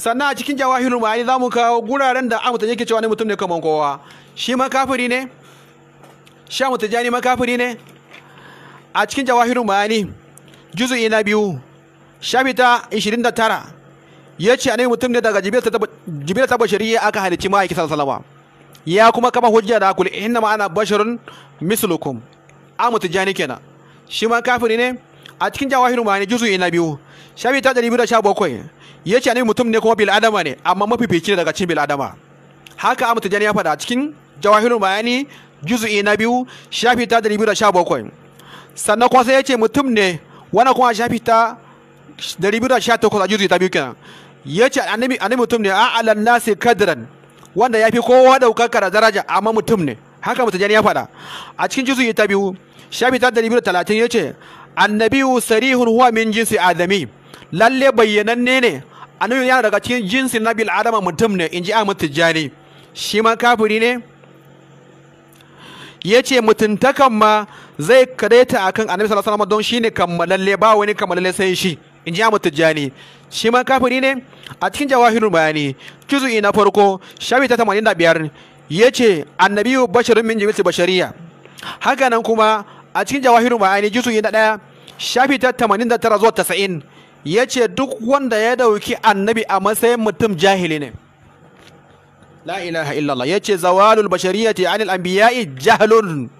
sannan a cikin jawahirul ma'ani za mu kawo guraren da amu yake cewa ne mutum ne kamar kowa shi makafiri ne sha jani makafiri ne a cikin jawahirul ma'ani juzu ina biyu shabita 29 ya ce ne mutum ne daga jibila ta ya aka halicci ma'aiki salama ya kuma kama hujja da akul inna ma'ana basharun mislukum amu tijani kenan shi ma kafiri ne a cikin jawahirul ma'ani juzu ina biyu shabita bakwai. ya ce annabi mutum ne kuma bil adama ne amma mafi mafifici daga cikin bil adama haka amma jani ya faɗa cikin jawahirul bayani juzu'i na biyu shafi ta 217 sannan kuma sai ya ce mutum ne wannan kuma shafi ta 218 a juzu'i ta biyu kenan ya ce annabi mutum ne a'alan nasi kadran wanda ya fi kowa ɗaukaka da daraja amma mutum ne haka jani ya faɗa a cikin juzu'i ta biyu shafi ta 230 ya ce annabi sarihun huwa min jinsi adami lalle bayyananne ne annabi yana daga cikin jinsin nabil adama mutum ne in ji ahmad tijjani shi ma kafiri ne ya ce mutuntakan ma zai kadaita kan annabi sallallahu alaihi don shi ne kammalalle ba wani kammalalle sai shi in ji ahmad tijjani shi ma kafiri ne a cikin jawahirul bayani juzu'i na farko shafi ta tamanin da biyar. 85 yace annabiyu basharun min jimisi bashariya haka nan kuma a cikin jawahirul bayani juzu'i na ɗaya, shafi ta tamanin da tara zuwa Tasa'in. ya ce duk wanda ya dauki annabi a matsayin mutum jahili ne la ilaha illallah ya ce zawalul bashariyati anil anbiya'i jahlun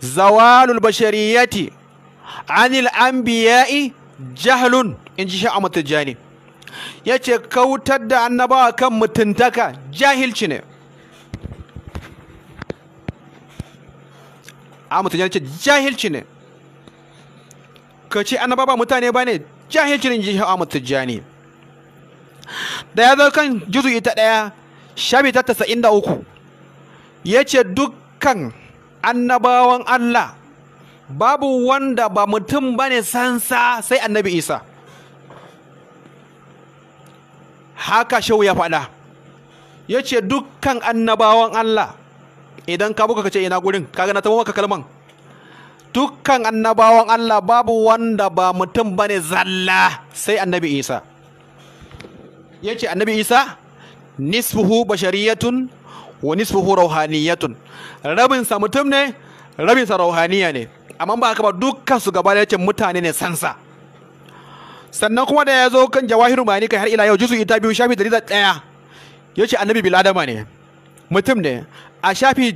zawalul bashariyati anil anbiya'i jahlun in ji sha'a mutajani ya ce kautar da annabawa kan mutuntaka jahilci ne a mutajani ce jahilci ne ka ce annaba ba mutane ba ne jahilcin ji Ahmad Tijjani da ya zo kan ita ita ɗaya shabi ta tasa'in da uku ya ce dukkan annabawan Allah babu wanda ba mutum ba ne sansa sai annabi Isa haka shau ya faɗa ya ce dukkan annabawan Allah idan ka buka ka ce ina gurin kaga na tabo maka kalman dukkan annabawan Allah babu wanda ba mutum bane zalla sai annabi Isa yace annabi Isa nisfuhu bashariyatun wa nisfuhu rauhaniyatun rabinsa mutum ne rabinsa rauhaniya ne amma ba haka ba dukkan su gaba yace mutane ne sansa sannan kuma da ya zo kan jawahiru mani kai har ila yau juzu ita biyu shafi dari da ɗaya yace annabi biladama ne mutum ne a shafi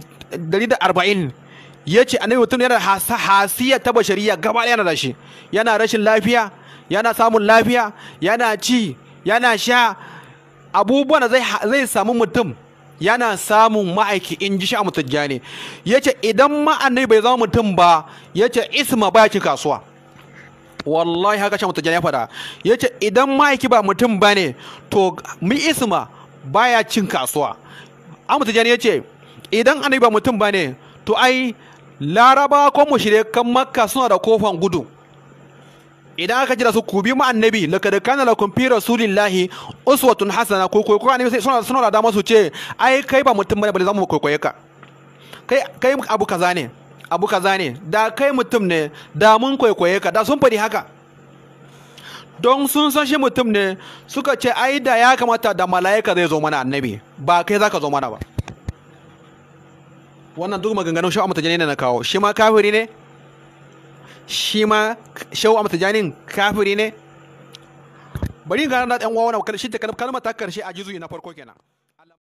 dari da arba'in Ya ce annabi mutum yana da hasiya ta bashariya gaba yana da shi yana rashin lafiya yana samun lafiya yana ci yana sha abubuwan da zai samu mutum yana samun ma'aiki in ji sha mutajja ne ce idan ma'anai bai zama mutum ba ya ce isma baya ci kasuwa wallahi haka sha mutajja ya fada ce idan ma'aiki ba mutum bane to mi isma baya cin kasuwa A amma ya ce idan annabi ba mutum bane to ai laraba ko mushrikan makka suna da kofan gudu idan aka ji da su ku bi mu annabi laqad kana lakum fi rasulillahi uswatun hasana ko ko annabi sai suna suna da dama su ce ai kai ba mutum bane bale zamu kokoye ka kai kai abu kaza ne abu kaza ne da kai mutum ne da mun kokoye ka da sun fadi haka don sun san shi mutum ne suka ce ai da ya kamata da mala'ika zai zo mana annabi ba kai zaka zo mana ba wannan duk maganganun shau amata jani na kawo shi ma kafiri ne shi ma shau amata janin kafiri ne bari ga na ɗan wawa na ta kalmar ta karshe a juzuyi na farko kenan